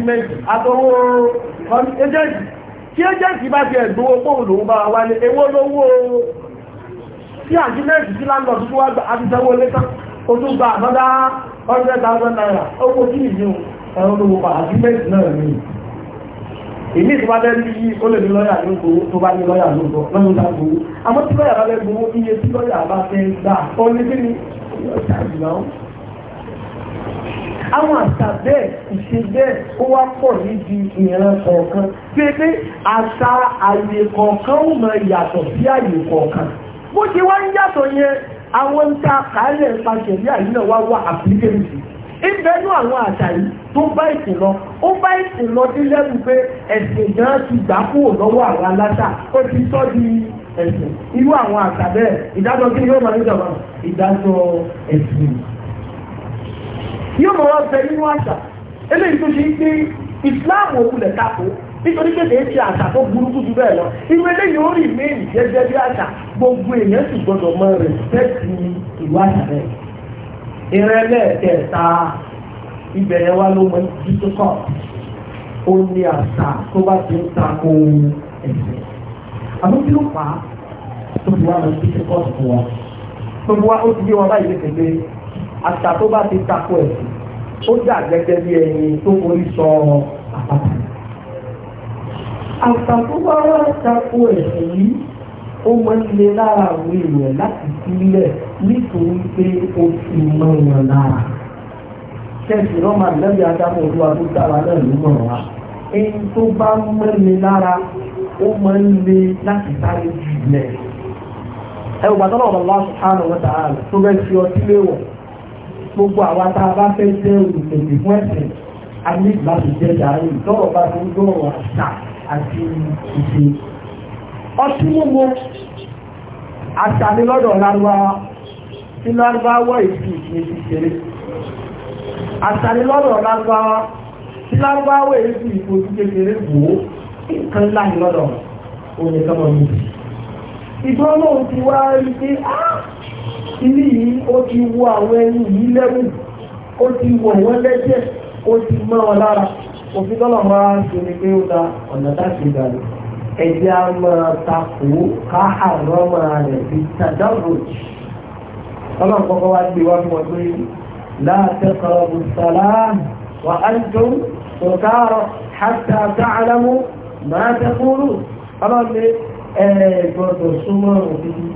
agreement àtọwọ́ agent tí agent bá ti ẹ̀gbówó pòun lòun bá wá ní ewó lówó tí agreement tí landlord tó wá gba àbísanwó létán ó tún gba àbádá hundred thousand naira owó tí ìdí ẹ̀rọ lówó pa agreement náà ní èmi ìtura bẹ́ẹ̀ ní yí ó lè ní lọ́yà ló gbowó tó bá ní lọ́yà ló gbọ́ lọ́yà ló gbowó àmọ́ tí lọ́yà bá fẹ́ gbowó iye tí lọ́yà bá fẹ́ gbà ó ní kí ni lọ́yà ìgbà ó àwọn àṣà bẹ́ẹ̀ ìṣe bẹ́ẹ̀ ó wá pọ̀ níbi ìran kọ̀ọ̀kan pé pé àṣà àyè kọ̀ọ̀kan ó mọ ìyàtọ̀ sí àyè kọ̀ọ̀kan bó ti wá ń yàtọ̀ yẹn àwọn ń ta àkàálẹ̀ ìpàṣẹ̀lẹ̀ àyè náà wá wá àpílẹ̀ǹsì ìbẹ́nu àwọn àṣà yìí tó bá ìsìn lọ ó bá ìsìn lọ sí lẹ́nu pé ẹ̀sìn náà ti gbà kúrò lọ́wọ́ àwọn aláṣà ó ti tọ́ di ẹ̀sìn irú àwọn àṣà bẹ́ẹ̀ ìdájọ́ kí ni yóò máa ń jọba ìdájọ́ ẹ̀sìn yóò mọ̀ wọ́n bẹ nínú àṣà eléyìí tó ṣe ń pé Islam òkulẹ̀ tako nítorí pé kìí ṣe àṣà tó burúkú jù bẹ́ẹ̀ lọ inú eléyìí ó rì méjì gẹ́gẹ́ bí àṣà gbogbo èèyàn sì gbọdọ̀ mọ rẹ̀spẹ́tì ìlú àṣà rẹ̀ ìrẹ́lẹ̀ kẹta ìbẹ̀rẹ̀ wa ló mọ ìdíkọ́ ó ní àṣà tó bá ti ń tako ẹ̀sẹ̀ àmọ́ kí ló fà á tó fi wá lọ sí ṣe kọ́ọ̀tù wọn gbogbo wa ó ti gbé wọn báyìí lè àṣà tó bá ti takò ẹ̀sìn ó dà gẹ́gẹ́ bí ẹyin tó forí sọ àpáta. àṣà tó bá wá takò ẹ̀sìn yìí ó máa ń le lára àwọn èèyàn láti sílẹ̀ nítorí pé ó fi mọ́ wọn lára. kẹ́sì rọ́mà lẹ́bí adámọ̀ olúwa tó dára náà ló mọ̀ wá. ẹni tó bá mẹ́ni lára ó máa ń le láti sáré jù lẹ̀. ẹ ò gbàdúrà ọ̀rọ̀ lọ́sùn àná wọn dáa tó bẹ́ẹ̀ fi ọtí léwọ̀ gbogbo àwa tá a bá fẹ́ jẹ́ olùpèsè fún ẹ̀sìn a ní ìgbàlù jẹ́ dàrí lọ́rọ̀ bá ti ń gbọ́rọ̀ àṣà àti ìṣe. ọtí mímu àṣà ni lọ́dọ̀ lárúbáwá tí lárúbáwá ìsìn ìsìn ti ṣeré. àṣà ni lọ́dọ̀ lárúbáwá tí lárúbáwá ìsìn ìsìn ti kékeré wò ó nǹkan ńlá ni lọ́dọ̀ òun nìkan mọ̀ ìgbọ́n náà ti wá rí pé áá ah, kíní yìí ó ti wọ àwọn ẹni yìí lẹ́rù ó ti wọ̀ wọ́n lẹ́jẹ̀ ó ti mọ́ wọn lára òfin tọ́lọ̀ máa ń ṣe ni pé ó da ọ̀nà láti gbà lọ ẹ̀jẹ̀ á máa takò ká máa rẹ̀ bí tàdáwò ọlọ́run kọ́kọ́ wá gbé wá fún ọ pé láàtẹ́kọ̀ọ́ mùsàlámù wà á dùn sọ̀kárọ̀ hátà táàlámù máa tẹ́kùrù ọlọ́run ní súnmọ́ òfin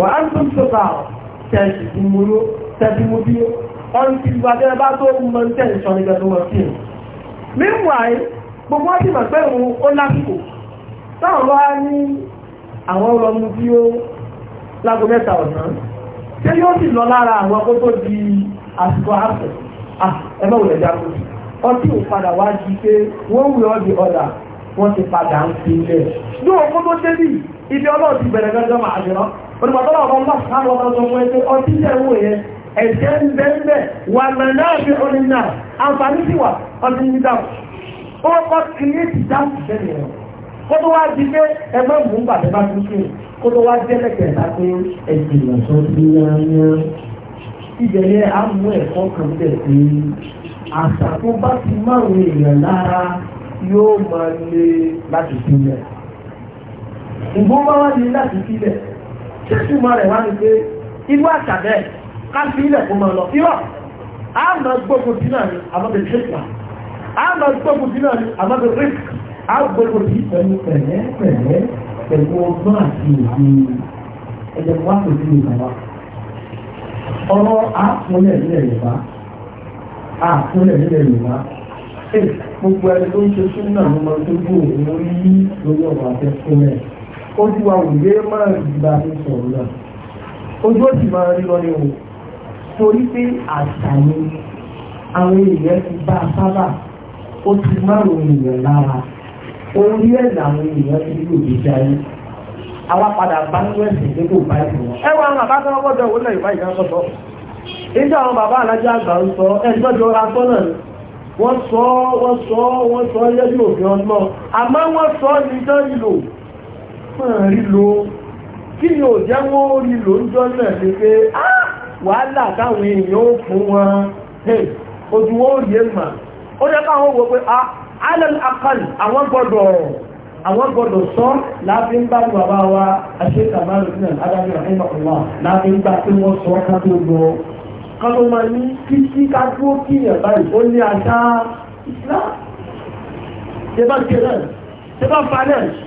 wà á tún sọ̀tà tẹ̀sí ìmúlò mú bí ọ̀rùn ti gbà tẹ́lẹ̀ bá tó mọ tẹ̀sí sọ nígbà tó wọ́n fi hàn. meanwhile gbogbo wọn ti mọ̀ pé òun ó lásìkò táwọn bá ní àwọn ọ̀rọ̀ mu bí ó lágo mẹ́ta ọ̀nà ṣé yóò sì lọ lára àwọn kó tó di àsìkò àpò ẹ bá wùlẹ̀ jáde ọtí ò padà wá di pé wọ́n wù ọ́ di ọ̀dà wọ́n ti padà ń fi ilẹ̀. yóò kó tó débì ibi ọlọ́ọ̀ ti bẹ̀rẹ̀ gángan máa jẹ́ náà onígbàtọ́lá ọba ńlá sáré ọba ọjọ́ wọn pé ọtí jẹ́ owó yẹn ẹ̀jẹ̀ ń bẹ́ ń bẹ́ wà nàná àbí orin náà àǹfààní sí wà ọtí ní dáhùn ó kọ́ kìrìtì dáhùn sẹ́yìn rẹ̀ kó tó wá di pé ẹ má mú bàtẹ bá tún kí kó tó wá jẹ́ lẹ́kẹ̀ẹ́ ta pé ẹ̀jẹ̀ ìyàtọ̀ ti yáyá ibẹ̀ yẹn á mú ẹ̀kọ́ kan bẹ̀ láti sílẹ̀ ṣé túmọ̀ rẹ̀ wá ní pé irú àṣà bẹ́ẹ̀ ká fi ilẹ̀ kó máa lọ irọ́ a máa gbógun tí náà ní àmọ́bẹ̀ ṣèkà a máa gbógun tí náà ní àmọ́bẹ̀ rìk a gbógun tí pẹ̀lú pẹ̀lẹ́ pẹ̀lẹ́ pẹ̀lú ọgbọ́n àti òfin ẹ̀jẹ̀ wá kò sí ìgbàlá ọ̀rọ̀ àpọ̀lẹ̀ nílẹ̀ Yorùbá àpọ̀lẹ̀ nílẹ̀ Yorùbá gbogbo ẹni tó ń ṣe súnmọ́ àwọn ọmọ tó gbòòrò lórí lórí ọ̀rọ̀ àfẹ́fún rẹ̀ ojú wa ò lè máa gbà ní sọ̀rọ̀ náà ojú ó sì o torí pé àṣà ni àwọn ti bá a sábà ó ti márùn èèyàn lára orí ẹ̀ làwọn èèyàn ti rí òbí jáde àwa bá ń ẹ̀sìn tó kò bá ẹ̀sìn ẹ wá àwọn bàbá tó baba òun náà ìbá ìdáná sọ. nígbà àwọn bàbá alájà àgbà sọ ẹjọ́ sọ wọ́n sọ wọ́n sọ sọ ní ìlò kàn rí lo kí ni ò jẹ́ wọ́n rí lo ń jọ náà ni pé wàhálà táwọn èèyàn ó fún wọn ojú wọn ò rí èèmà ó jẹ́ káwọn wò pé alal akal àwọn gbọ́dọ̀ àwọn gbọ́dọ̀ sọ láti ń bá ní bàbá wa aṣèkàmáàlú sílẹ̀ adájọ́ àfihàn ọ̀la láti ń gbà pé wọ́n sọ ká tó lọ kan ló máa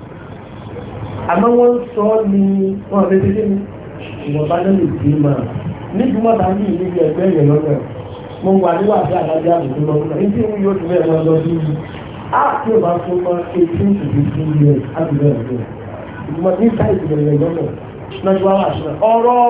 àmọ́ wọ́n sọ ọ́ ní wọ́n lè dédé ní ìwọ̀nba náà lè dé mà ní ìdúmọ̀ bá ní ìlú ẹgbẹ́ yẹn lọ́nà mo wà níwà sí àdájọ́ àbùkù lọ́nà ní tí wọ́n yóò tún bẹ́ẹ̀ lọ sí i áàpù máa fún mọ́ eighteen àbùkù ẹ̀rọ ní lọ́nà lọ́jọ́ wà sí ah, ọ̀rọ̀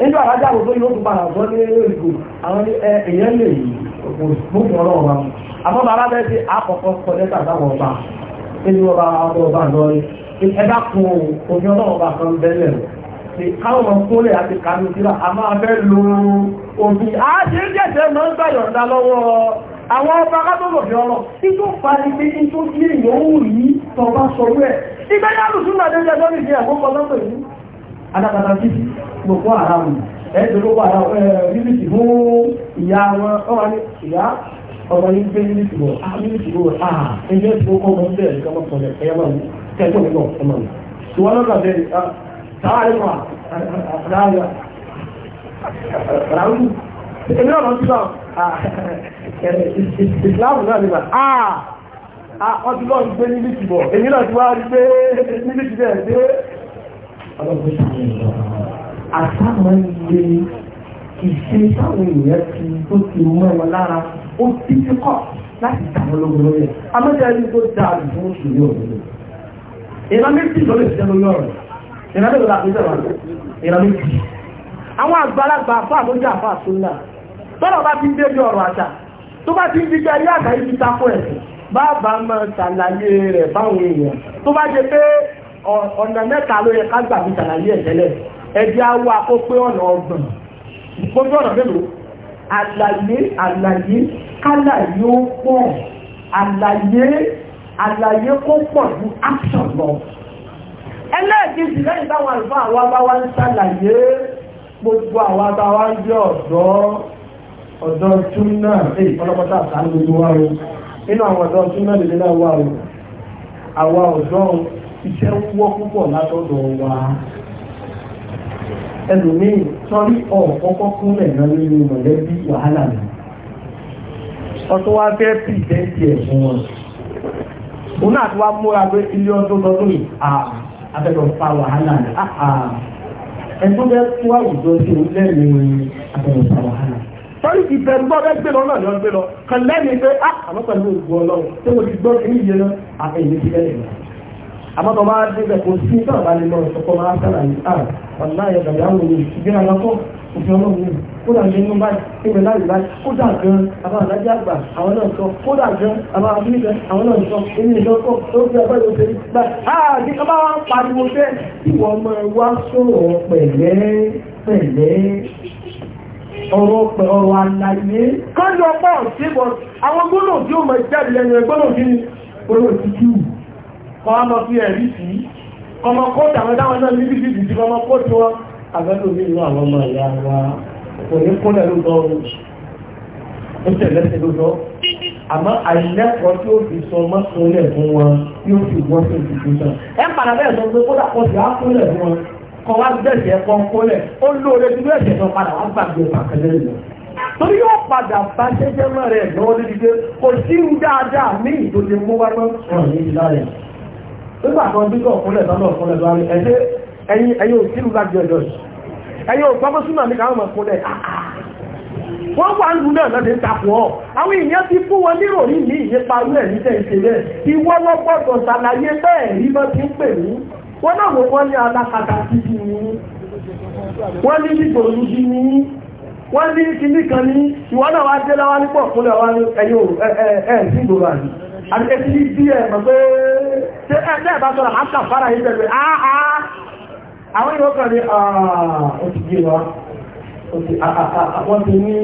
nínú àrájà àwòtó yóò tún padà sọ ní ìgò àwọn èèyàn lè yí mọ́kùn ọlọ́run wa àmọ́ bàbá bẹ́ẹ̀ sí àkọ́kọ́ kọ lẹ́tà sáwọn ọba nínú ọba ọba ọba lọ́rí ẹ̀dá kun omi ọlọ́run ọba kan bẹ́lẹ̀ káwọn ọmọ kúnlẹ̀ àti kánú síra a máa fẹ́ lo omi àṣírígẹ̀ẹ́sẹ̀ máa ń gbàyọ̀ǹda lọ́wọ́ àwọn ọba agbọ́gbọ̀ fi ọlọ́ tí tó parí pé tí tó kí èèyàn ó rí tọba sọ rẹ̀ ìgbẹ́yàlùsùn náà dẹ́jẹ́ lórí ìdí ẹ̀kọ́ kọ́ lọ́pọ̀ yìí adápàtàkì gbogbo àráwù ẹ̀ẹ́dẹ̀ gbogbo àráwù ẹ̀ẹ́dẹ̀ fún ìyá wọn ọwà ní ìyá ọmọ yìí gbé mílíkì bọ̀ á ah, mílíkì bọ̀ á ẹgbẹ́ tí ó kọ́ ọmọ bẹ́ẹ̀ ní kọ́mọ́ sọ̀rọ̀ ẹ̀yà máa wù kẹ́kọ̀ọ́ nígbà ọmọ mi tí wọ́n lọ́gbà bẹ́ẹ̀ táàrí wà ráàyà ráàyù ẹgbẹ́ ọ̀nà tí wọ́n ìsìláàmù náà nígbà á ọdún náà gbé mílíkì bọ̀ èmi náà ti wá rí gbé mílíkì bẹ́ẹ̀ ọlọ́run sàmì lọ àtàwọn ilé ìṣe táwọn èèyàn ti tó ti mọ́ wọn lára ó ti ti kọ́ láti dàwọn lógun lórí ẹ̀ amẹ́tẹ́rì tó da àdùnkún oṣù ní òdodo ìran méjì ló lè ṣiṣẹ́ lórí ọ̀rọ̀ ìran méjì ló lè ṣiṣẹ́ lórí ìran méjì àwọn àgbàlagbà àfà àmójú àfà àtúnlá tọ́lọ̀ bá ti ń dé bí ọ̀rọ̀ àṣà tó bá ti ń dígbà ayé àgbáyé ti takò ẹ̀sìn bá bá máa ṣàlàyé rẹ̀ báwọn èèyàn tó bá jẹ pé ọ̀nà mẹ́ta ló yẹ ká gbà fi ṣàlàyé ẹ̀ tẹ́lẹ̀ ẹ̀jẹ̀ awọ akópé ọ̀nà ọgbọ̀n gbogbo ọ̀nà mélòó àlàyé àlàyé kálàyé ó pọ̀ àlàyé àlàyé kó pọ̀ ju action lọ ẹlẹ́ẹ̀kejì lẹ́yìn táwọn àlùfáà wa bá wá ń ṣàlàyé gbogbo àwọn abáwá ń jẹ́ ọ̀dọ́ ọ̀dọ́ túnà èyí ọlọ́pọ̀tà àtàlù gbogbo wa o àwọn ọ̀dọ́ túnà lè lé náà wà ọ̀dọ́ iṣẹ́ ń wọ́ púpọ̀ látọ̀dọ̀ wa ẹlòmíì sọ́rí ọ̀kọ́kọ́ kúnlẹ̀ náà nínú mọ̀lẹ́bí wàhálà mi ọtún wá fẹ́ pìtẹ́ǹtì ẹ̀ fún wọn òun náà ti wá múra pé ilé ọdún lọ́dún yìí àbẹ̀tọ̀ fa wàhálà ni ẹ̀tún bẹ́ẹ̀ tó àwùjọ sí òun lẹ́yìn àbẹ̀tọ̀ fa wàhálà sọ́rí ìbẹ̀rù bọ́ bẹ́ẹ̀ gbé lọ náà yọ gbé lọ kàn lẹ́yìn pé àmọ́ pẹ̀lú òògùn ọlọ́run tí mo ti gbọ́ kí n yẹ lọ àbẹ̀yẹ ti lẹ́yìn náà àmọ́ tó bá débẹ̀ kò sí tó àbá lè lọ ìṣọ̀kọ́ máa sára yìí à wàlá yẹ gàdá àwọn ènìyàn ìgbéra lọ́kọ́ òfin ọlọ́run yìí kódà ní inú báyìí ibẹ̀ láyìí báyìí kódà gan àbá àdájá àgbà àwọn náà sọ kódà gan àbá abúlé àwọn náà sọ èmi ìjọ kọ tó fi ọgbẹ́ yóò ṣe gbà á ní ká bá wá ń pariwo fẹ́ kí wọ́n mọ wá sọ̀rọ̀ pẹ̀lẹ́ pẹ̀lẹ́ ọ̀rọ̀ pẹ̀ ọ̀rọ̀ àlàyé kọ́ńdọ̀ pọ̀ síbọ̀ àwọn gbọ́dọ̀ tí ó mọ̀ jáde lẹ́nu ẹgbọ́dọ̀ kí ni olóòtú kọ́ á lọ sí ẹ̀rí sí ọmọ kóòtù àwọn táwọn náà níbi bíbí sí ọmọ kóòtù wọn àgbẹ̀lú mi nínú àwọn ọmọ ìyá wa kò ní kó lẹ́nu lọ ó tẹ̀lẹ́sẹ̀ ló lọ àmọ́ àìlẹ́kọ̀ọ́ tí ó fi sọ mọ́sùnlẹ̀ fún wọn yóò fi wọ́n sí ìdíjú náà ẹ̀ ń padà bẹ́ẹ̀ sọ pé kódà kó ti á kúnlẹ̀ fún wọn kọ́ wá bẹ̀sẹ̀ kọ́ kólẹ̀ ó lóore tí ló ẹ̀sẹ̀ náà padà wá gbàgbé pàkẹ́lẹ́ rẹ̀ torí yóò padà bá ṣẹ́jẹ́ mọ́ rẹ̀ lọ́wọ́ lórí pé kò sí dáadáa ní ìtòlẹ́mú wá náà nígbà kan bí kò fúnlẹ̀ tọ́lọ̀ fúnlẹ̀ tó wáyé ẹ̀ṣẹ́ ẹ̀yin ẹ̀yin ò láti ọjọ́ yìí ẹ̀yin ò gbọ́mọ́ káwọn fúnlẹ̀ wọ́n wà ń lu náà lọ́dẹ̀ tapọ̀ ọ́ àwọn èèyàn ti fún wọn níròrí ní ìyípa rẹ̀ ní tẹ̀sí rẹ̀ ìwọ́ wọ́n gbọ́dọ̀ ṣàlàyé bẹ́ẹ̀ rí bọ́ ti ń pè mí wọ́n náà wọ́n wọ́n àti etí bí ẹ̀ mọ̀ pé ṣé ẹ̀ṣẹ́ ìbá sọ̀rọ̀ máa ń kà fara yìí bẹ̀rẹ̀ áhà àwọn ìwọ kan ní ó ti gbé wa wọ́n ti ní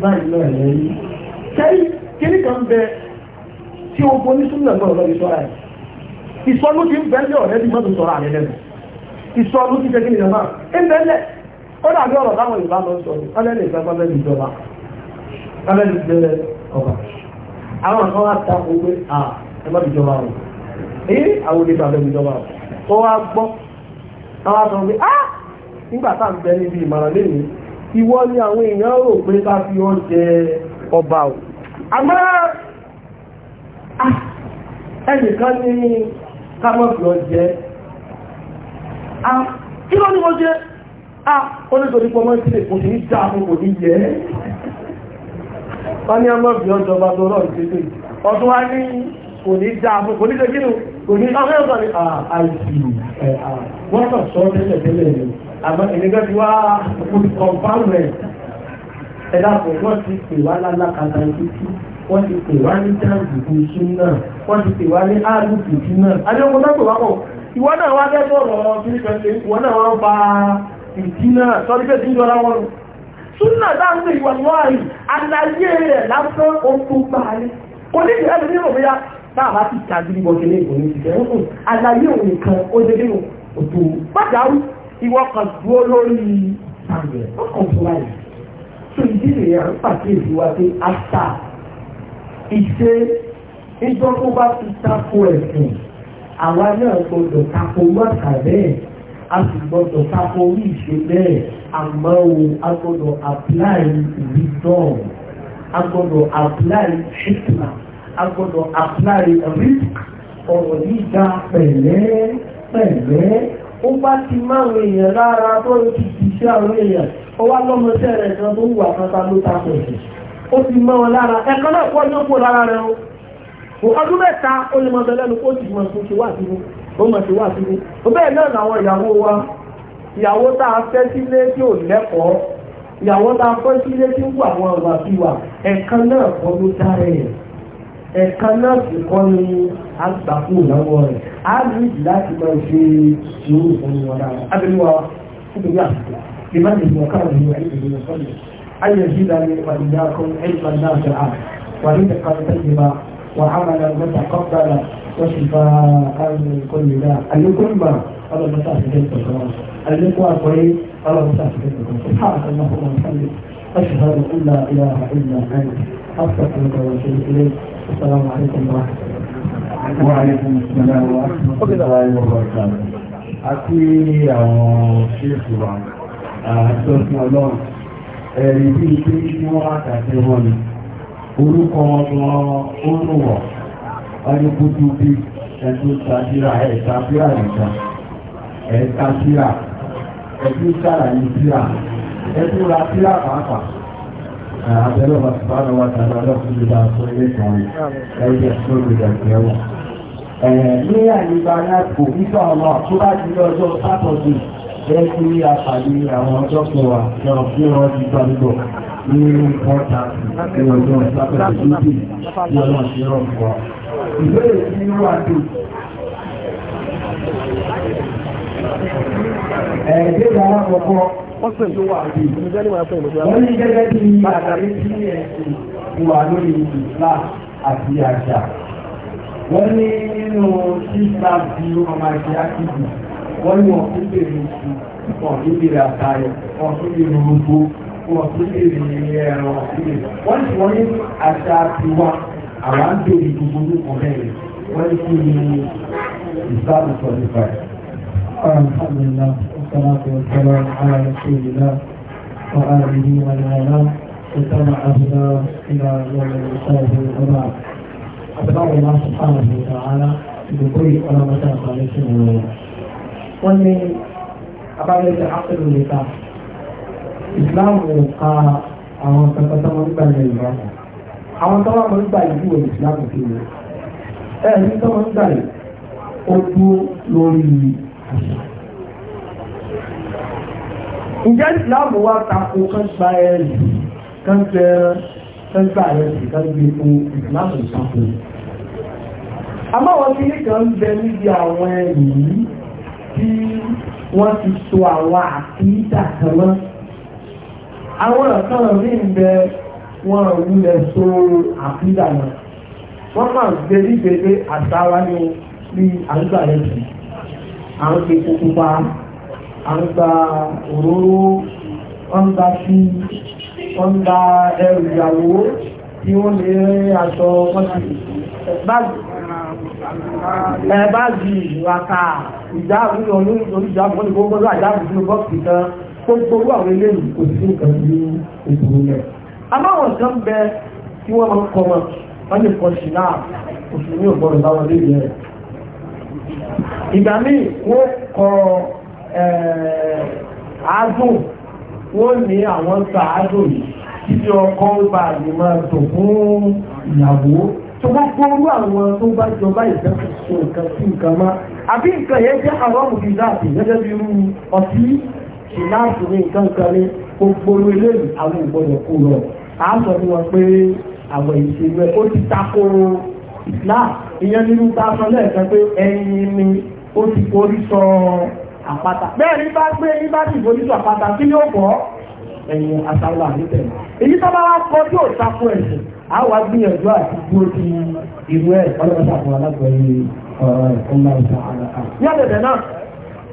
báyìí náà lẹ́yìn sẹ́yìn kíní kan bẹ tí o bo ní súnmọ̀ náà lọ́dún sọ́ra ẹ̀ ìsọlú ti ń bẹ́lẹ̀ ọ̀rẹ́ bí mọ́tò sọ̀rọ̀ àrẹ lẹ́nu ìsọlú ti jẹ́ kí nìyẹn náà ń bẹ́lẹ̀ ó dàbí ọ̀rọ̀ táwọn Yorùbá lọ sọ̀rọ̀ ọlẹ́lẹ̀ ìgbàgbọ́ bẹ́ẹ̀ ìjọba ọlẹ́lẹ̀ ìgbẹ́lẹ̀ ọba àwọn kan wá ta owó à ẹ má bìjọba o ee àwọn olè bàbá bìjọba o wọ́n wá gbọ́ àwọn sọ pé á nígbà tá à ń bẹ níbi ìmọ̀ràn lẹ́yìn ìwọ ni àwọn èèyàn rò pé ká fi ọ jẹ ọba o àmọ́ ẹnìkan ní ká má fi ọ jẹ á kí ló ní mo jẹ á ó ní torí pé ọmọ ìdílé kò ní í dáa fún kò ní yẹ ẹ́ wọ́n ní ọmọ bí ọjọba tó rọ̀ ìgbésẹ̀ ọdún wá ní kò ní já fún kò ní ṣe kínú kò ní ọmọ ẹ̀sọ́ ni àìsí ah, ah, wọ́n kàn sọ tẹ́lẹ̀ tẹ́lẹ̀ ni àmọ́ ìnígbẹ́ ti wá kọ̀ǹpáàmù ẹ̀ ẹ̀dá kò wọ́n ti pè wá lálákàtà ìtútù wọ́n ti pè wá ní jáàmù ìṣú náà wọ́n ti pè wá ní áàlù ìṣú náà adéwọ́n tó pè wá pọ̀ ìwọ náà wá fẹ́ sọ̀rọ̀ kiri kan ṣe ìwọ náà wá ń fa ìtí náà sọ́dí pé ti ń jọra wọn súnà dáńdé ìwà lọ́àrí àlàyé rẹ̀ lásán oṣù gbàárí oníṣẹ́ ẹ̀rọ nínú bóyá náà bá ti ta gidi wọ́n kele ìgbòho ti tẹ̀ ń àlàyé òun nìkan ó dé nínú òtò pàjáwì ìwọ kan dúró lórí àgbẹ̀ ọkàn tó láyé tó ìdí rẹ̀ ń pàkíyèsí wa pé àṣà ìṣe ìjọ tó bá ti tako ẹ̀sìn àwa náà gbọdọ̀ tako mọ́ta bẹ́ẹ̀ a sì gbọdọ̀ tako orí ìṣe bẹ́ẹ̀ àmọ́ o a gbọ́dọ̀ apply wisdom a gbọ́dọ̀ apply hikma a gbọ́dọ̀ apply risk ọ̀rọ̀ yíga pẹ̀lẹ́ pẹ̀lẹ́ ó bá ti máwọn èèyàn lára tó ń ti ṣiṣẹ́ àwọn èèyàn ó wá lọ́mọṣẹ́ rẹ̀ kan tó ń wà kankan ló ta pọ̀ sí ó ti mọ́ wọn lára ẹ̀kan náà kọ́ yóò kó lára rẹ̀ o ọdún mẹ́ta ó lè mọ bẹ lẹ́nu kó sì mọ̀ tó ṣe wà sínú ó mọ̀ ṣe wà sínú ó bẹ́ẹ̀ náà làwọn ìyàwó wa ìyàwó tá a fẹ́ sílé tí ò lẹ́kọ̀ọ́ ìyàwó tá a fẹ́ sílé tí ń wà àwọn àwà bí wà ẹ̀kan náà kọ́ ló dára ẹ̀ ẹ̀kan náà sì kọ́ ni a gbà fún ìyàwó rẹ̀ a ní ìdí láti máa ṣe ìṣòro fún wọn dára abẹ́lú wa nítorí àsìkò ìmá ní ìmọ̀ káàdì ní ẹ̀ẹ́dẹ̀gbẹ̀ ní sọ́ọ̀lẹ̀ ayé ìdílé ní ìpàdé kan ẹ̀ẹ́dẹ̀gbẹ̀ náà jẹ́ àrùn wà ní ìtẹ̀kọ́ وعملا متقبلا وشفاء من كل داء. الكلمه Allah masa asirin kwanwa alin kuwa kwaye Allah masa asirin kwanwa subhanahu wa ta'ala wa bihamdi ashhadu an la ilaha illa anta astaghfiruka wa atubu ilayk assalamu alaikum wa rahmatullahi wa alaikum assalam wa rahmatullahi wa barakatuh àti àwọn ṣéèkì wa àjọsìn ọlọ́run ẹ̀rí bí i pé kí wọ́n àtàkì wọn ni orúkọ ọmọ orúwọ̀ ọdún kútú bí ẹ̀dùn tàbí ra ẹ̀ta bí àìsàn ẹ̀ka síra ẹ̀tún sàlàyé síra ẹ̀tún ra síra pàápàá àbẹ̀lẹ̀ ọba sùpárọ̀ wa tàbí ọlọ́kùnrin ìgbà sọ ilé kan rí ẹ̀yẹ tó lè dàgbẹ́ wọn. ní àyíká aláàbò nípa ọmọ tó bá ti lọ ọjọ́ sátọ̀dé lẹ́yìn ní àpàdé àwọn ọjọ́ kan wà náà bí wọ́n ti gbà lọ ní pọ́ńtà ní ọjọ́ sátọ̀dé lókè ní ọjọ́ ìṣẹ́rọ̀ fún wa. ìbéèrè tí wọ́n á dùn Ẹ̀ẹ́dẹ́gbẹ̀ alákọ̀ọ́kọ́ wọ́n ní gẹ́gẹ́ bí àtàrí tí ẹ̀sìn wà lórí ìlà àti àṣà. Wọ́n ní nínú sísá bí ọmọ àti àkìdì, wọ́n ní wọ́n tún bèèrè sí wọ́n tún bèèrè àtàrí, wọ́n tún bèèrè orúkọ, wọ́n tún bèèrè ẹ̀rọ ọ̀sílẹ̀. Wọ́n sì wọ́n ní àṣà tiwa, àwọn ń bèèrè gbogbo orúkọ bẹ́ẹ̀ wọ́n ní kí ni ìsáàbù sọ̀rọ̀ الحمد لله والصلاة والسلام على رسول الله وآله ومن واتبع هداه إلى يوم الحساب وبعد أتباع الله سبحانه وتعالى بكل ولا متى خالص ومن أقابل العقل والنكاح Islam ka àwọn kankan tó máa ń gbà ní ìlú àwọn tó máa ń gbà ìlú òní ǹjẹ́ ìsìláàmù wá tako kan gba ẹ̀rì kan tẹ kan gba ẹ̀rì kan gbé fún ìsìláàmù ìtako àmọ́ wọn ti ní kan bẹ níbi àwọn ẹ̀rì yìí tí wọ́n ti so àwọn àkíńtà kan mọ́ àwọn kan rí ń bẹ wọn ò wulẹ̀ so àkíńtà náà wọ́n máa gbé nígbèdé àtàwọn ní àgbà ẹ̀sìn à ń pe kókó pa à ń gba òróró wọ́n ń gba sí wọ́n ń gba ẹrù ìyàwó tí wọ́n lè rí aṣọ wọ́n ti báàgì ìwàkà ìjáàbù olùjáàbù ní gbogbo ọjọ́ àjáàbù sínú bọ́ọ̀sì kan gbogbo àwọn eléyìí kò sí nǹkan ní ìbùrù rẹ̀ ìgbà míì wọ́n kọ àádùn wọ́n ní àwọn ta àádùn yìí títí ọkọ ń bá àmì máa dùn fún ìyàwó tó bá gbọ́ orú àwọn tó bá jọba ìfẹ́ kò nǹkan sí nǹkan má àbí nǹkan yẹn jẹ́ àwọn òbí láti gẹ́gẹ́ bí irú ọtí ìlànà ní nǹkan kan ní gbogbo eléyìí àwọn ìgbọ́dọ̀ kú lọ a sọ fún wọn pé àwọn ìṣèlú ẹ̀ ó ti takoro ìlà ìyẹn nínú tá a sọ lẹ́ẹ̀kan pé ẹyin ni ó ti forí sọ àpáta bẹ́ẹ̀ ní bá gbé ní bá ti forí sọ àpáta kí ni ó bọ́ ẹ̀yìn àtàwọn àlùtẹ̀ èyí tó bá wá kọ tí ò takò ẹ̀sìn a wá gbìyànjú àti bí ó ti irú ẹ̀ ọlọ́pàá àfọwọ́ alágbẹ̀ẹ́ ọ̀rọ̀ ẹ̀kọ́ máa ń ta ara kan. ní ọ̀dẹ̀dẹ̀ náà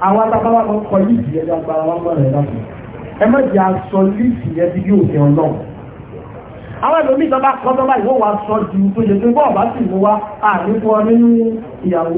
àwọn atábáwá kan kọ líìsì yẹn bí agbára wọn gbọ́dọ̀ ẹ̀dá fún ẹ má jẹ́ aṣọ líìsì yẹn bí yóò fi ọ̀nà. àwọn ẹlòmíì tó bá kọ́ tó bá ìwọ́ wa sọ ju tó yẹ pé bọ́ọ̀ bá sì mú wa àníkù ọ nínú ìyàwó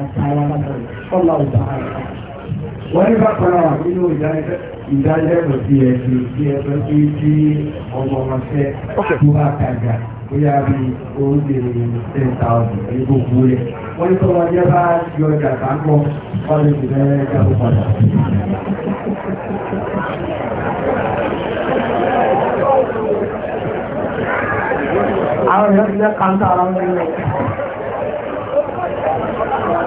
àti àwọn alábẹ̀rẹ̀ ọlá ọ̀dà àrẹ̀. wọ́n ní bákan náà nínú ìdálẹ́bọ̀ tí ẹ fi tí ẹ fẹ́ ọmọ ọmọṣẹ́ tó bá kàgà bóyá bí oúnjẹ ten thousand ní gbogbo rẹ̀ wọ́n ní tọ́wọ́ jẹ́ bá yọ ọjà sáńkọ́ wọ́n lè fi bẹ́ẹ̀ jábọ̀ padà. àwọn èèyàn ti jẹ́ káńtà ara wọn nínú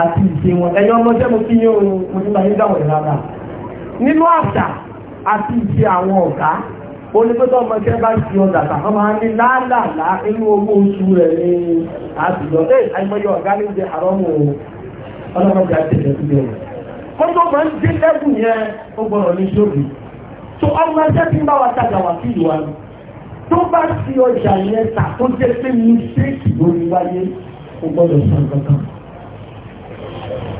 àti ìṣe wọn ẹ̀yọ́ ọmọ jẹ́ mo kí ní ohun onígbà yín dáwọ̀ ẹ̀ rárá nínú àṣà àti ìṣe àwọn ọ̀gá onígbẹ́tọ̀ ọmọ iṣẹ́ bá ṣe ọjà tàbí máa ní láàlàlá inú owó oṣù rẹ̀ ní àtijọ́ ẹ̀ àìmọye ọ̀gá ní jẹ́ àrọ́mù ọlọ́mọdé àti ìṣẹ́sílẹ̀ rẹ̀ kótó máa ń dé lẹ́bù yẹn ó gbọ́dọ̀ ní ṣóbi tó ọmọ ẹgbẹ́ tí ń bá wa tajà wà sí ìwà ni tó bá ṣe ọjà yẹn tà tó jẹ́ pé mi ṣéèkì lórí wáyé ó gbọ́dọ̀ sàn kankan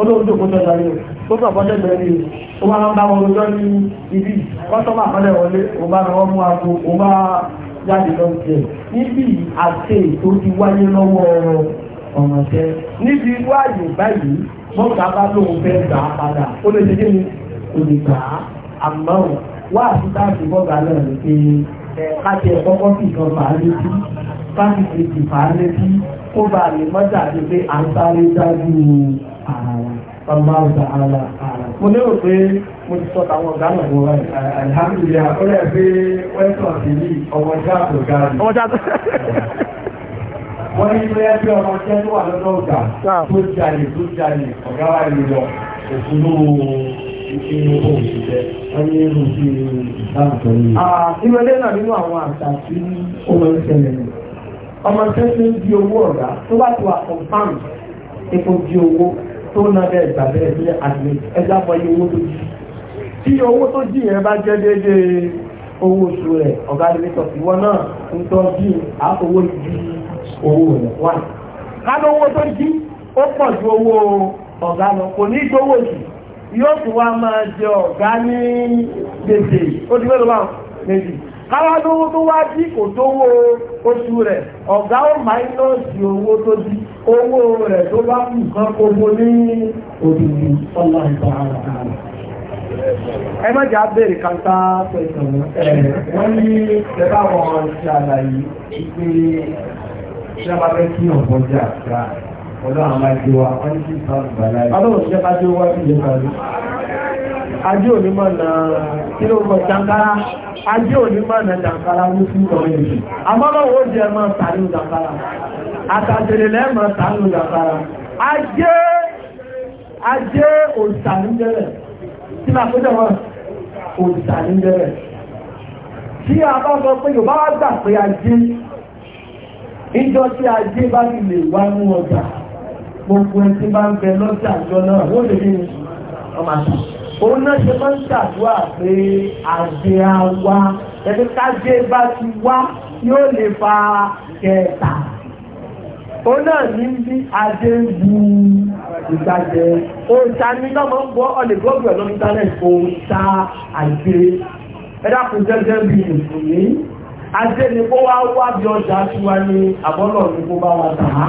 olóòjò kó tọ́jà rí ó sọ fọ́jẹ́ bẹ̀rẹ̀ rí ó bá ń bá wọn lọ́jọ́ ní ibi kọ́sọ́mà fọ́lẹ̀ wọlé ó bá rán mú aago ó bá jáde lọ jẹ níbi àti ètò ti wáyé lọ́wọ́ ọ̀nà jẹ níbi wáyé báyìí mọ́ta bá lóun fẹ́ gbà á padà ó lè ṣe kéde kò lè gbà á àmọ́ wá àti táàkì bọ́gà náà ní pé ẹ̀ka tẹ kọ́kọ́ fi ìkan fà létí báyìí ṣe dìbà létí kó bá lè mọ́jà ní pé à ń sáré dájú ara wa bàbá ọ̀dà ara ara. mo lérò pé mo ti sọ táwọn ọ̀gá náà wọ alhamdulilayi ó lè fi wẹ́sọ̀ sí ní ọmọ jáàbù gáàbù. ọmọ jáàbù. wọ́n ní pé ẹgbẹ́ ọmọ jẹ́ tó wà lọ́dọ̀ ọ̀gá tó jalè tó jalè ọ̀gá wa yìí lọ òfurufú ìpinnu òṣìṣẹ́ wọ́n ní irú sí ìdáhùn pẹ̀lú. ìrọ̀lẹ́ náà nínú àwọn àṣà tí ó máa ń ṣẹlẹ̀ ọmọ tó ṣe ń di owó ọ̀gá tó bá ti wà confam epo di owó tó ná bẹ́ẹ̀ gbà bẹ́ẹ̀ sí àgbẹ̀ ẹja bọ iye owó tó jí tí owó tó jí yẹn bá jẹ́ déédéé owó oṣù rẹ̀ ọ̀gá rẹ̀ sọ ìwọ náà ń tọ́ jí àfọwọ́ ìdí owó rẹ̀ wà. kálọ̀ owó tó jí ó pọ̀ ju owó ọ̀gá lọ kò ní gbowó jù yóò tún wá máa jẹ ọ̀gá ní gbèsè ó ti mélòó báwọn méjì káwá lówó tó wá dí kò tówó oṣù rẹ̀ ọ̀gá ó máínọ́ọ̀sì owó tó dí owó rẹ̀ tó bá kù kan gbogbo ní òdìdí ọlá ìta ẹ má jà bèèrè kanta pẹ̀sán wọ́n ní ẹbá wọn ṣe àlàyé pé ṣe kí ọ̀pọ̀ jà dáa ọlọ́run alájíwá ọlọ́run ṣe kájú wá sí ìjọba rí ajé òní mọ̀ na kí ló kọ jàǹkárá ajé òní mọ̀ na jàǹkárá mú sí ọmọ ìlú amọ́lọ́wọ́ ó jẹ́ máa tàánù jàǹkárá àtàjèrè lẹ́ẹ̀mọ̀ tàánù jàǹkárá ajé ajé òṣàníjẹ́rẹ̀ tí máa kó jẹ́wọ́ òṣàníjẹ́rẹ̀ tí a bá sọ pé Yorùbá wá gbà pé ajé ìjọ tí ajé bá ti lè wá mú ọjà gbogbo ẹ tí bá ń bẹ lọ́jà àjọ náà wọ́n lè rí ni ọmọ àṣà òun náà ṣe máa ń ṣàdúrà pé àjẹ àwa ẹni kájé bá ti wá yóò lè fa kẹta òun náà ní bí àjẹ ń bu ìgbàjẹ òòṣà ni náà máa ń gbọ́ ọ̀lẹ̀ gbọ́gbọ̀ lórí íńtánẹ́ẹ̀tì òòṣà àjẹ ẹ̀dá kò jẹ́jẹ́ bí ìrùsùnmí àjẹ ni kó wá wá bí ọjà tiwa ní àbọ́lọ̀ ní kó bá wa tà á.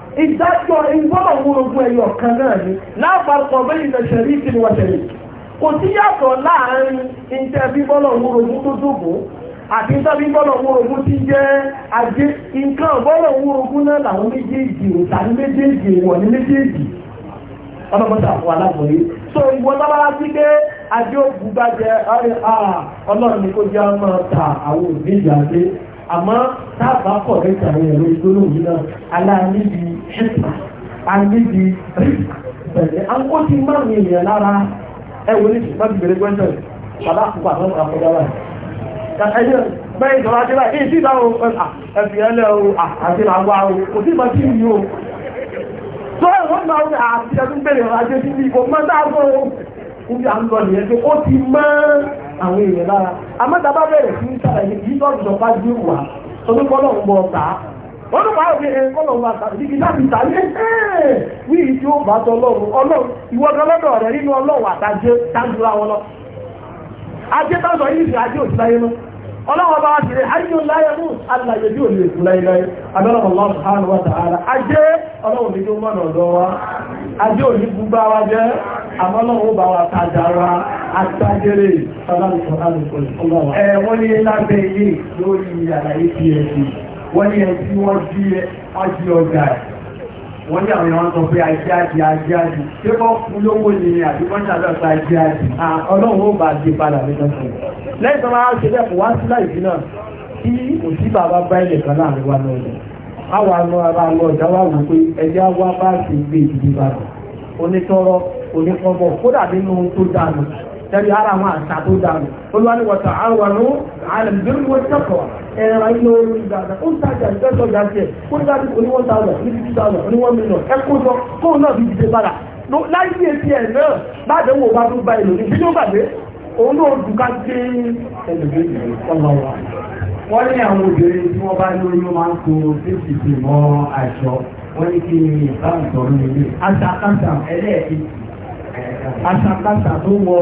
ìdájọ́ ìgbọ́dọ̀ wo ogun eyi kan náà ni láàpapọ̀ bẹ́yìn ní ṣẹ̀rí ti wọ́n ṣẹ̀rí kò sí yàtọ̀ bíbọ́lọ̀ ogun tó dùbò àti bíbọ́lọ̀ ogun ti jẹ́ ajé nǹkan bọ́lọ̀ ogun náà làwọn méjèèjì ò tàbí méjèèjì wọ̀ ní méjèèjì ọlọ́mọdé àwọn so ìwọ lábára sí pé ajé ògùn bá jẹ ọlọ́run ni jẹ́ àmọ́ táàbà pọ̀ lẹ́tà ẹ̀rọ ìgbóhùn náà aláàníbi ṣẹ́pà aníbi bẹ̀rẹ̀ àwọn tí máa ń yẹn lára ẹ̀wọ̀n ní ṣùgbọ́n ti bẹ̀rẹ̀ gbẹ́sẹ̀ bàbá àkókò àtọ́nà àkọ́dá wa bẹ́ẹ̀ ìjọba ti báyìí èyí tí ìdáwó ẹ̀fì ẹlẹ́ o àti ìlàwà o kò sí ìmọ̀ tí ìyó tó ẹ̀wọ̀n náà wọ́n àti ẹ̀dún bẹ̀rẹ̀ ọ̀rọ̀ ajé sí ibi ìbò mọ́ dáàbò ó àwọn èèyàn lára amẹ́tàbá bẹ̀rẹ̀ sí sàlàyé jesus ọba gbé wà olúkọ́lọ̀ ń bọ̀ ọ̀tá wọ́n ló máa ń fi ẹ̀kọ́lọ̀ wà tàbí láti tàbí ẹ̀ẹ́ wíì tí ó bá tọ́ ọlọ́run ìwọ́dọ̀ lọ́dọ̀ rẹ̀ nínú ọlọ́run àtàjẹ́ tájúra wọn lọ ajé táwọn yìí ajé òṣìṣẹ́ yẹn ọlọ́wọ́ bá wá sí rẹ̀ ayé láyẹ̀mú aláyẹ̀bí ò lè kú láyẹ̀láyẹ̀ abẹ́lọ́wọ́ Allah subhanahu wa ta'ala ajé ọlọ́wọ́ ní tó mọ́nà ọ̀dọ́ wa ajé ò ní gbúgbá wa jẹ́ àmọ́lọ́wọ́ bá wa tajà wa atájẹ́rẹ́ ẹ̀wọ́n ní lábẹ́ ilé lórí àlàyé psc wọ́n ní ẹ̀ tí wọ́n jí ọjà wọ́n ní àwọn ìwọ̀n sọ pé ajáàjì ajáàjì tí kọ́ fún lówó ní àdúgbọ́nsàdọ́ta ajáàjì ọlọ́run ó bá di padà nínú ọ̀sẹ̀ lẹ́yìn tó máa ṣe lẹ́kùn wá sí láìsí náà tí òsì bàbá bá ilẹ̀ kan láàrin wa náà ẹ̀rọ ilé orí ìgbàgbà ó ń tajà ìgbẹ́sọ̀ ìyá tiẹ̀ ó ní láti oní one thousand oní fifty thousand oní one million ẹ kó jọ kóun náà fi dìde padà láì sí etí ẹ̀ náà bá àdéhùn ọba tó gba èlò ní bí òun náà dùn ká gbé ẹlòmíràn ọlọ́wọ́ wọ́n ní àwọn obìnrin tí wọ́n bá lóyún máa ń kó fífi fi mọ́ aṣọ wọ́n ní kí ni ìbámu sọ̀rọ̀ nílé aṣàkáṣà ẹlẹ́ẹ̀kí aṣàkáṣà tó wọ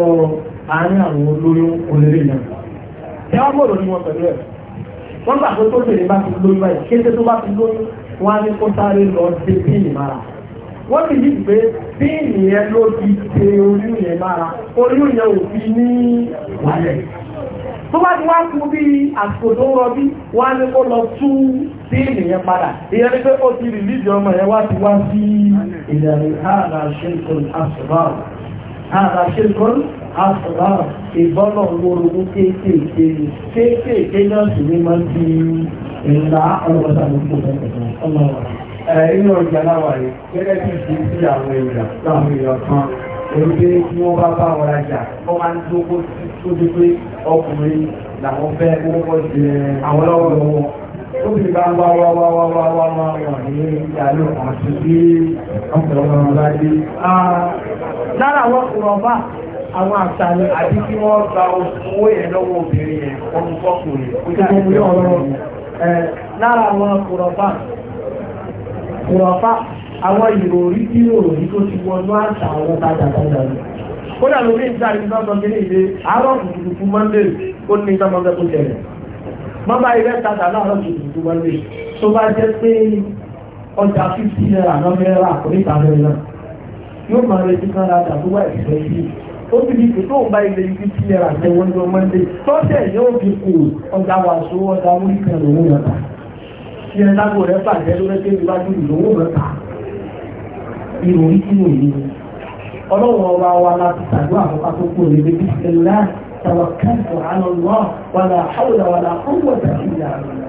àárín àwọn olóyún olóyún náà. ẹ wá gbọ́dọ̀ ní wọn pẹ̀lú ẹ̀. wọ́n gbà pé tóbìnrin bá ti lóyún báyìí kété tó bá ti lóyún wọ́n á ní kó sáré lọ sí píìnì mára wọ́n ti yí pé píìnì yẹn ló ti ṣe oyún yẹn mára oyún yẹn ò fi ní wàlẹ̀ tó bá ti wá kú bí àsìkò tó ń rọbí wọ́n á ní kó lọ tú píìnì yẹn padà ìyẹn ni pé ó ti rìlíjì ọmọ yẹn wá ti wá sí ìdàrí ààrà ṣe ìkọlù àṣùbáwò àrà ṣẹ́gun àṣàrà ìbọ́lọ̀ wọ́rọ̀wọ́ kéékèèké kéékèèké náà sì ní máa di ńlá ọlọ́pàá lóko inú ọjà láwà rẹ̀ gẹ́gẹ́ bí ìṣe sí àwọn èèyàn láwọn wọ́n bá bá wọn rajà wọ́n máa ń dókó tó pé ọkùnrin làwọn fẹ́ owó jẹ àwọn lọ́wọ́ lọ́wọ́ ó sì bá ń wá wá wá wá wá wá wá wà ní ìyàlú àti bí ọkùnrin ọmọ ọmọ bá dé lára àwọn kùrọ̀bá àwọn àtàlẹ̀ àti kí wọ́n gba owó yẹn lọ́wọ́ obìnrin yẹn ọdún fọ́kùnrin lára àwọn kùrọ̀bá kùrọ̀bá àwọn ìròrí tí tó ti àwọn tajàtajà mọ́bá tó bá jẹ́ pé ọjà naira yóò máa retí kan ra àtà tó wà ìfẹ́ sí ó ti di pé tóun bá ilé ibi tí ẹ̀rà tẹ wọ́n jọ mọ́ndé tọ́sẹ̀ yóò fi kù ọjà wàásù ọjà orí kan lòún mọ̀ta tí ẹ lágbo rẹ̀ bàjẹ́ ló rẹ́kẹ́ mi wájú lòún mọ̀ta ìròyìn kí lòyìn ọlọ́run ọba wa láti tàdúrà fún akókò rẹ̀ bíbí ṣẹlá tàwọn kẹ́ńtọ̀ àlọ́ wàlà àwòlà wàlà ó tàbí ìyá rẹ̀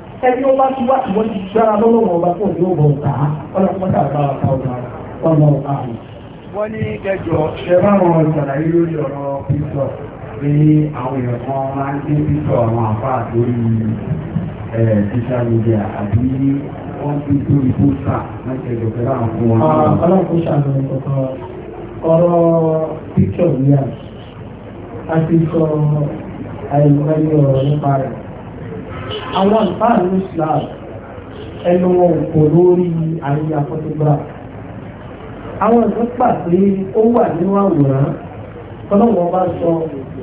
ẹni ó bá ti wá ìwọ́n ti gbára lọ́wọ́ ọba tó ní ó bọ̀ ọ̀tá ọlọ́pọ̀tà àbára ta ọ̀tá ọmọ ọ̀tá mi. wọ́n ní kẹjọ ṣe bá wọn ṣàlàyé lórí ọ̀rọ̀ píṣọ̀ pé àwọn èèyàn kan máa ń gbé píṣọ̀ àwọn àfáà lórí social media àbí wọ́n fi lórí pósà láti ẹ̀jọ̀ pẹ̀lú àwọn fún wọn. Ah, ọlọ́pọ̀ ṣàlàyé kọ̀ọ̀kan ọ̀rọ̀ píṣọ̀ ní àṣ àwọn àlùfáà ní Islam ẹnu wọn kò lórí àyíyá photograph àwọn ìlú pàṣẹ ó wà nínú àwòrán tọ́lọ́wọ́ bá sọ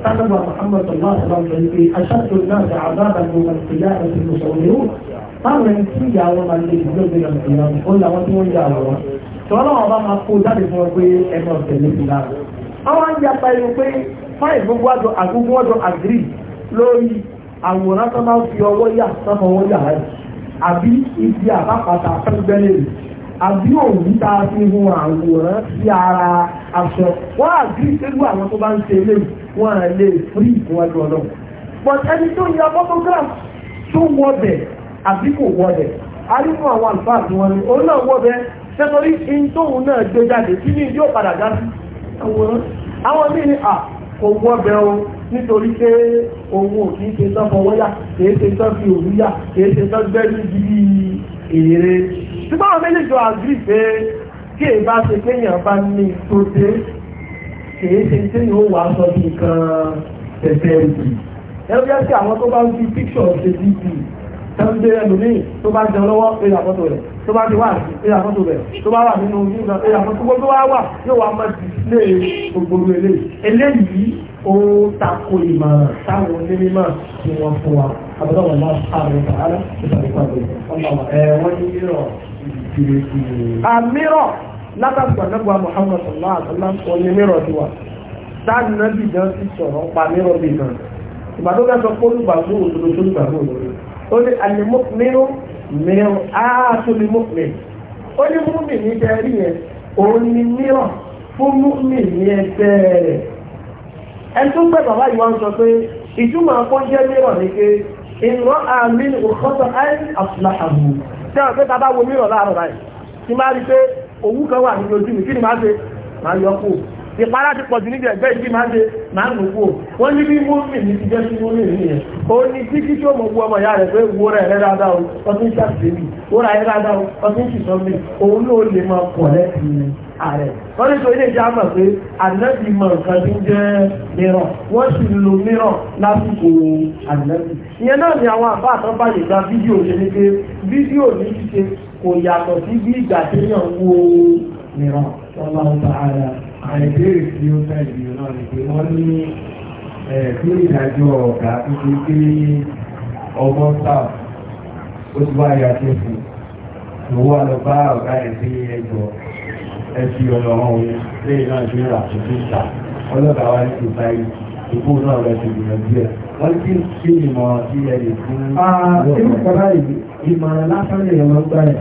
sábàbà Muhammad sallallahu alaihi wa sallam pé aṣáájú náà ṣe àbábà ní ọmọ ìpìlẹ̀ àti ìmùsọ̀rọ̀ báwọn ẹni tí ìyá wọn máa lè dúró gbé lọ tí wọ́n yà wọ́n tọ́lọ́wọ́ bá máa kó jáde fún ọ pé ọ̀sẹ̀ àwọn ń yapa pé àwòrán tó máa fi ọwọ́ yà sọ́mọ ọwọ́ yà rẹ̀ àbí ibi àbápàtà fún gbẹ́lẹ̀ rẹ̀ àbí òun tá a fi hun àwòrán sí ara aṣọ wọ́n àbí ewu àwọn tó bá ń ṣe eléyìí wọ́n á lè fúrí ìfúnwájú ọlọ́run but ẹni tó ya photograph tó wọbẹ̀ àbí kò wọbẹ̀ a rí fún àwọn àlùfáà tí wọ́n ní òun náà wọbẹ̀ sẹ́tọ́rí in tóun náà gbé jáde kí ni yóò padà dá sí àwòrán àwọn míì ní à kò gbọ́bẹ̀ o nítorí pé òun ò kí ń ṣe tán fọwọ́yà kìí ṣe tán fi òru yà kìí ṣe tán gbẹ́rú ibi èrè ṣùgbọ́n àwọn méjèèjì àgbì pé kí èyí bá ṣe kéèyàn bá ní tó dé kìí ṣe téèyàn ó wàá sọ bí nǹkan tẹ̀tẹ̀ òbí ẹgbẹ́ sí àwọn tó bá ń fi píṣọ̀ ṣe bíbí tẹ́lú dé ẹnu ní tó bá jẹun lọ́wọ́ eré àfọ́tò rẹ̀ tó bá ti wà eré àfọ́tò rẹ̀ tó bá wà nínú nígbà eré àfọ́tò gbogbo wá wà yóò wá mọ́ ilé gbogbo eléyìí eléyìí ó tako ìmọ̀ràn táwọn onímọ̀ tí wọ́n fún wa àbúrò wọn náà sáré sáré ìpàdé ẹ wọ́n ní mírọ̀ àmírọ̀ látàgbà nàgbà Muhammad sallallahu alaihi wasallam oní mírọ̀ ti wà sáà nàbì náà ti sọ̀rọ̀ pa mírọ̀ bì náà ìgbà tó fẹ́ sọ pé olùgbàgbọ́ òdodo tó lùgbàgbọ́ òdodo ó ní alimọ́kùnrin mìíràn áàtúlimọ́kùnrin ó ní múmi ní tẹ́rí yẹn òun ni mìíràn fún múmi ní ẹgbẹ́ rẹ̀ ẹni tó ń pẹ́ bàbá yìí wá ń sọ pé ìtumọ̀ akọ́jẹ́ mìíràn ni pé ìrọ̀ àmì òkọ́tọ̀ àìsí àfúlà àbù tí wọ́n pẹ́ tá a bá wo mìíràn láàárọ̀ báyìí ti máa rí pé òwú kan wà nínú ojú mi kí ni máa ṣe máa yọ kù ìpárá ti pọ̀jù níbi ẹ̀gbẹ́ ìdí máa ṣe máa ń gbogbo wọ́n ní bí mọ́mí ní ti jẹ́ sí mọ́mí ní ẹ̀ ó ní tí kí tí ó mọ̀ gbọ́ ọmọ ìyá rẹ̀ pé wo rẹ̀ rẹ̀ dáadáa o ọtún ṣàṣẹ́bì ó ra ẹ̀ dáadáa o ọtún ṣìṣọ́bì òun ló lè máa pọ̀ lẹ́sìn ààrẹ wọ́n ní sọ ilé ìjà mọ̀ pé ànábì mọ̀ nǹkan tó ń jẹ́ mìíràn wọ́n sì lo mìíràn lásìkò ànábì ìyẹn náà ni àwọn àbá àtọ́bà lè gba fídíò ṣe ní pé fídíò ní ṣíṣe kò yàtọ̀ sí bí ìgbà téèyàn wo mìíràn ọlọ́run tààrà àìbéèrè tí ó tẹ̀lé náà ni pé wọ́n ní fún ìdájọ́ ọ̀gá tó ti pé ọmọ sáà ó ti wá ya tó fún ló wá lọ bá ọ̀gá ẹ̀ sí ẹjọ́ ẹbí ọ̀nà ọ̀hún lẹ́yìn náà ṣe rà tó ti ta ọlọ́gá wa ní tòta yìí náà rẹ̀ ti gbìyànjú ẹ̀ wọ́n ti ṣe ìmọ̀ sí ẹ̀yìn fún. Ah, ìmọ̀ràn lásán lè yọ̀ lọ́gbà ẹ̀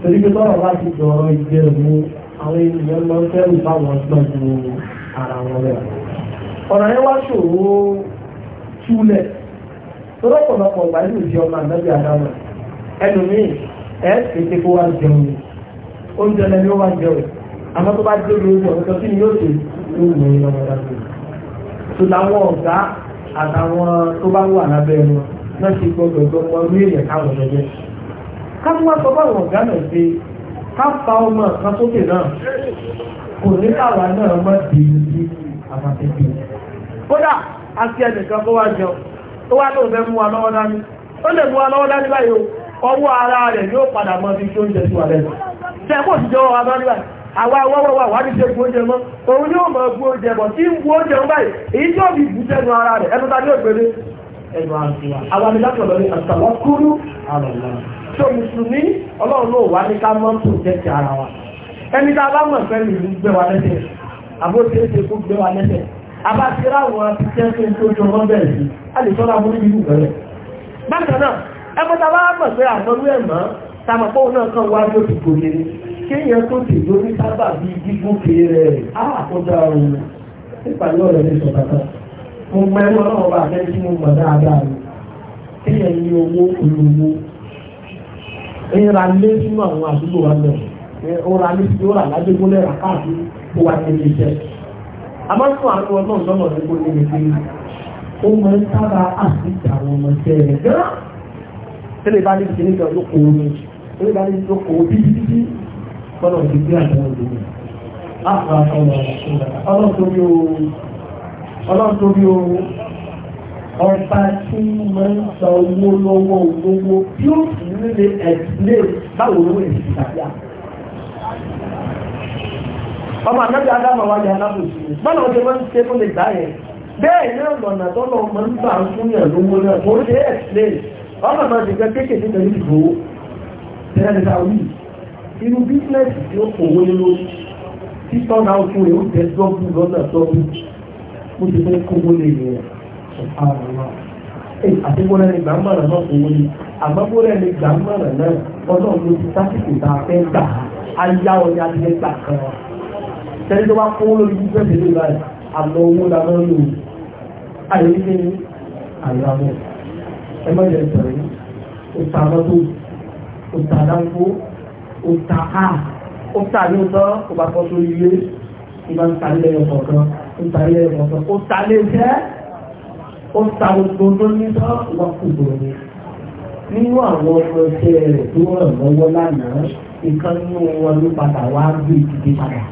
torí pé tọ́rọ̀ bá ti dọ̀rọ̀ ìjẹ́ àwọn ènìyàn máa ń báwọn gbọ́n ara wọn lọ. ọ̀rọ̀ yẹn wá ṣòro túlẹ̀ lọ́pọ̀lọpọ̀ ìgbà yóò di ọmọ àgbẹ̀bí àdámà ẹlòmíì ẹ̀ kété kó wá jẹun oúnjẹ lẹni wá jẹun àmọ́ tó bá dé lórí ọ̀rọ̀ kí ni yóò ṣe ní ìlú ọmọ ìdájọ́ tó láwọn ọ̀gá àtàwọn tó bá wà lábẹ́ náà gbọdọ̀ èèyàn káwọn kápá ọmọ kan sókè náà kò ní káwa náà mọ́ di ibi àbàtẹ́kẹ́ kódà a ti ẹnìkan kó wá jẹun tó wá lóun fẹ́ mú wa lọ́wọ́ dání ó lè mú wa lọ́wọ́ o ọwọ́ ara rẹ̀ yóò padà mọ́ bí tó ń jẹ sí wa lẹ́nu ṣe sì wa báyìí báyìí àwa wà ní ṣe oúnjẹ mọ́ òun mọ̀ oúnjẹ bọ̀ tí ń oúnjẹ báyìí èyí tí ó fi bù sẹ́nu ara rẹ̀ ẹnu tó mùsùlùmí ọlọ́run náà wá ní ká mọ́ tó jẹ́ ti ara wa ẹni tá a bá mọ̀ pẹ́lú ìlú gbé wa lẹ́sẹ̀ àbó tí ó ṣe kó gbé wa lẹ́sẹ̀ àbá ti ráwọn ti jẹ́ pé tó jọ wọ́n bẹ̀rẹ̀ sí a lè sọ́ra mú nínú bẹ̀rẹ̀ tá a bá mọ̀ pé àtọ́rú ẹ̀ mọ́ tamọ̀pọ̀ náà kàn wá ló ti gòkè ni kéèyàn tó ti lórí sábà bí gígókè rẹ̀ àkójọ òun nípàdé ọ̀rẹ́ ní sọ̀tàtà mo mẹ́rin ọlọ́run bá fẹ́ tí mo mọ̀ dáadáa ni kéèyàn ní owó olówó ẹ̀yìn ra lé sínú àwọn àdúgbò wa lọ ó ra lé sí ó rà lájẹgbólẹ̀ rà káàkiri ó wà nílé iṣẹ́ amásùn àánú ọlọ́run lọ́nà nígbó níbi pé ó máa ń àṣìṣe àwọn ọmọ rẹ̀ tẹ́lẹ̀ bá ní ló kó o ní tẹ́lẹ̀ bá ọba tí mo ń sọ owó lọ́wọ́ olówó tí ó sì ń lè ẹ̀dílé báwo ló lè fi tàbí àpò. ọmọ anábì adámọ̀ wájú alábòsí bọ́lá ọjọ́ wọn ń ṣe fún lè gbá yẹn bẹ́ẹ̀ náà lọ́nà tọ́lọ́ ọmọ ń gbà ń fún yàn lówó náà tó ṣe ẹ̀dílé ọmọ náà ti gbẹ kéékèèké pẹ̀lú ìdòwó tẹ́lẹ̀ ta wí irú bísínẹ́sì tí ó kòwó lé lórí títọ́ náà fún rẹ̀ ó jẹ́ Eh, àti bóra ẹni gbà mọ̀ràn náà kò wọlé àmọ́ bóra ẹni gbà mọ̀ràn náà ọlọ́run ló ti sásìkò tá a fẹ́ gbà á yá ọ ní adìyẹ gbà kan tẹ́lẹ̀ tó bá kó lórí fífẹ́ tẹ̀lé báyìí àlọ́ owó la máa ń lò àyè nígbè ní àyè àmọ́ ẹ má yẹ sọ̀rọ̀ yìí ó ta mọ́tò ó ta dáńgó ó ta á ó ta ní ọ̀tọ́ ó bá kọ́ sórí ilé ó ń ta ilé ẹ̀kọ̀ọ̀kan ó ta ilé ẹ̀kọ̀ọ̀kan ó ta ilé iṣẹ́. ó ta gbogbo tó ní sáwà kùbò ni nínú àwọn ọmọ ẹsẹ rẹ tó ràn lọ́wọ́ lánàá nǹkan nínú wọn ló padà wá gbé ìdíje padà.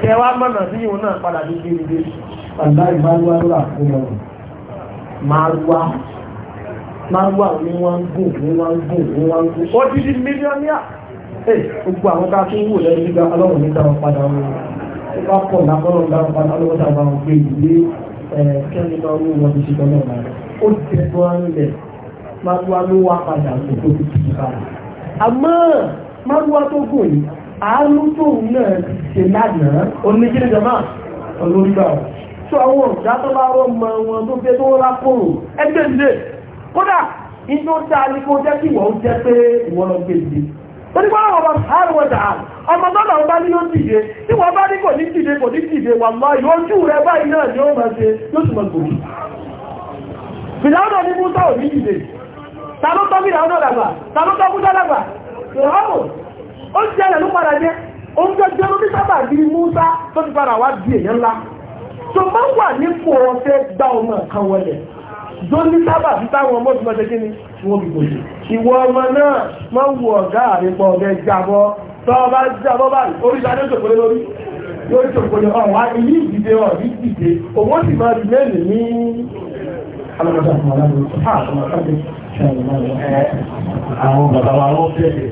kẹ wá mọ̀nà sí ìwọ náà padà ní gbèrègbè padà ìbáwá ló rà wọn. máa wá máa wà ní wọ́n ń gùn ní wọ́n ń gùn ní wọ́n ń gùn. ó ti di mílíọ̀nìyà. ẹ gbogbo àwọn kẹ́ni máa ń wọ́n ti ṣe tọ́lọ́ ọ̀la rẹ̀ ó ti tẹ́ wọ́n ń lẹ̀ márùwá ló wá padà kò tó ti ti padà àmọ́ márùwá tó gùn yìí àánú tóun náà ṣe lánàá oníkiri jama olóńgbà tó àwọn ọ̀gá tó bá rọ́ mọ wọn tó fẹ́ tó rá kòrò ẹgbẹ́ ìdílé kódà inú dáa ni kó jẹ́ kí wọ́n jẹ́ pé ìwọ́n lọ gbé ìdílé ó ní wọ́n lọ́wọ́ bá sáré wọn ọmọ tọ́lọ̀ bá ní ó dìde tí wọ́n bá ní kò ní dìde kò ní dìde wà mọ́ ìwọ́jú rẹ báyìí náà ni ó mọ̀ ṣe ló sì mọ̀ gbòmù fìdáwọ́dọ̀ ní mútà ò ní dìde ta ló tọ́ fìdáwọ́dọ̀ dàgbà ta ló tọ́ mútà dàgbà ìhọ́mù ó ti ẹlẹ̀ ló padà jẹ́ òun jẹ́ jẹ́ ló ní sábà bí mútà tó ti padà wá di èèyàn ńlá tó máa wà nípò ọ̀fẹ́ gbá ọmọ kan wọlẹ̀ tó ní sábà bí táwọn ọmọ ìgbọ́n ṣe kí ni wọ́n fi kò sí ìwọ ọmọ náà máa ń wo ọ̀gá àrípọ̀ ọ̀gá ẹgbẹ́ tọ́ bá jábọ́ bá oríṣàdé òṣòkòlé lórí yóò ṣòkòlé ọ̀wá ilé ìdíje ọ̀rí ìdíje owó sì máa rí mẹ́rin ní àwọn bàbá wa wọ́n tẹ́lẹ̀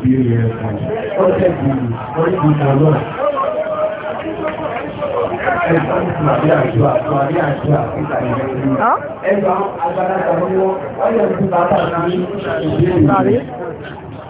bí i rẹ̀ kan wọ́n tẹ́lẹ̀ wọ́n ti kà lọ́rọ̀ Ẹgbẹ́ àti àjọ àti àjọ àfíkà ìrẹ́lẹ́. Ẹgbẹ́ àgbàdàgbà ni wọ́n yẹ̀ ń bá bá ní ìdí ìrẹ́lẹ́.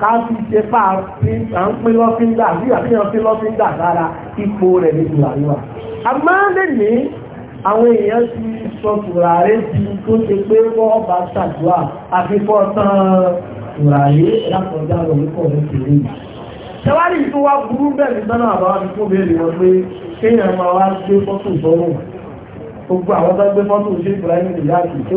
ká fi ṣe bá a fi à ń pín lọ́fíńdà bí àfihàn pín lọ́fíńdà dára ipò rẹ̀ ní tùràrí wa àmọ́ lè ní àwọn èèyàn ti sọ tùràrí ti tó ṣe pé wọ́n bá ṣàdúrà àfikọ́ tán tùràrí lápọ̀já rẹ̀ nípò rẹ̀ kéré ṣẹwárí tó wá burú bẹ̀rẹ̀ sọ́nà àbáwá ti kó béèrè wọn pé kéèyàn máa wá gbé fọ́tò sọ́rùn gbogbo àwọn tó gbé fọ́tò ṣe Ibrahim ìyá àti tó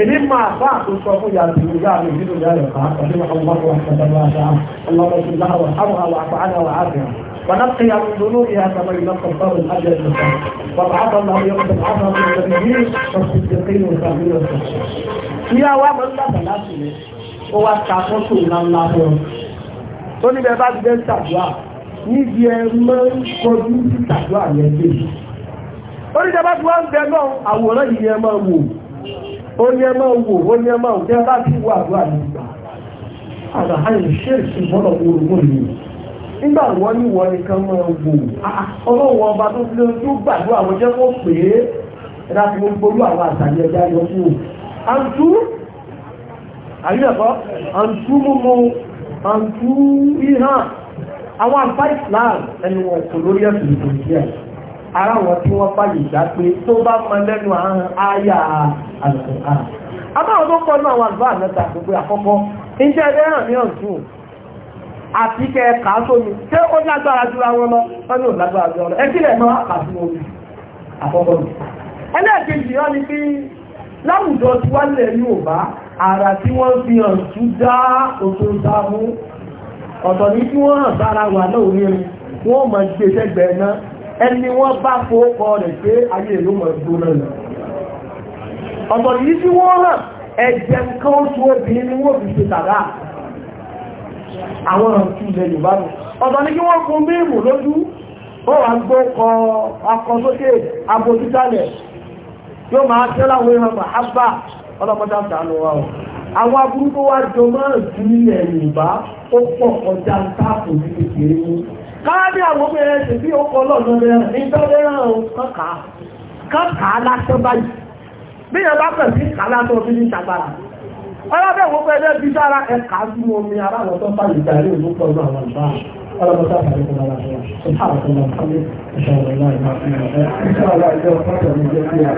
èmi máa bá àtúnṣọ fún ìyá àti ìyá mi nínú ìyá rẹ̀ ká ọdún wa ọmọ wa ṣàtàlá ṣá ọlọ́mọ tó láwọ̀ àwọn àwọn àpáàdà wà á bẹ̀rẹ̀ ونقي من ذنوبها كما ينقى الثوب الابيض من الثوب وابعث الله يقبل عظم النبيين والصديقين والصابرين والصالحين يا وما الله láti lè ó wá ta fọ́tò ńláńlá bá ti dẹ́sí níbi ẹ máa ń kọjú sí àdúrà yẹn dé ó ní ìjọba tí wọ́n ń bẹ náà àwòrán yìí ẹ máa wò ó ní ẹ máa wò ó ní ẹ máa wò jẹ́ bá ti wà àdúrà ní ìgbà àgbà àyè ṣe èsì bọ́lọ̀ orogún ni nígbà wọ́n ní wọ́n nìkan máa wò ọlọ́wọ́ ọba tó fi lójú gbàdúrà wọ́n jẹ́ kó pè é ẹ̀dá fi mú gbólú àwọn àtàlẹ́ ẹja yọ fún un àǹtú àyẹ̀kọ́ àǹtú mímu àǹtú ìhàn àwọn àǹfà ìsìláàmù ẹni wọn kò lórí ẹ̀sùn ìgbòmíyà ara tí wọ́n fàyè gbà pé tó bá mọ lẹ́nu àhán áyà àlùkò àrà abáwọn tó kọ́ náà wọn àgbà mẹ́ta gbogbo àkọ́kọ́ iṣẹ́ ẹlẹ́ràn ní ọ̀tún àti kẹ́ẹ̀kà sómi ṣé ó lágbára ju àwọn lọ wọ́n ní láwùjọ tí wọ́n lẹ̀ Yorùbá ara tí wọ́n fi hàn tún dá òtò dáhùn ọ̀tọ̀ ní tí wọ́n hàn sára wà náà orí rin wọ́n mọ̀ gbé sẹ́gbẹ̀ẹ́ náà ẹni wọ́n bá fòókọ rẹ̀ pé ayé ìlú mọ̀ gbóná lọ. ọ̀tọ̀ yìí tí wọ́n hàn ẹ̀jẹ̀ nǹkan oṣù obìnrin ni wọ́n fi ṣe tàrà àwọn ọ̀tún ilẹ̀ Yorùbá ọ̀tọ̀ ni kí wọ́n fún mímù lójú ó wà ń gbókọ ọkọ̀ sókè abojútálẹ̀ yóò máa tẹ́ láwọn wa o. àwọn jọ máa ó pọ̀ ń ní kékeré káàdì àwọn ọmọ ẹ̀ṣẹ̀ bí ó kọ́ lọ́nà rẹ̀ ní tọ́lẹ́ràn kọ́kàá kọ́kàá lásán báyìí bí yẹn bá pẹ̀ sí kàlátọ̀ bí ní ṣàgbára ọlọ́bẹ̀ wo pé ẹgbẹ́ bí sára ẹ̀ka sí omi aráàlọ́ tó bá lè darí òun pọ̀ ní àwọn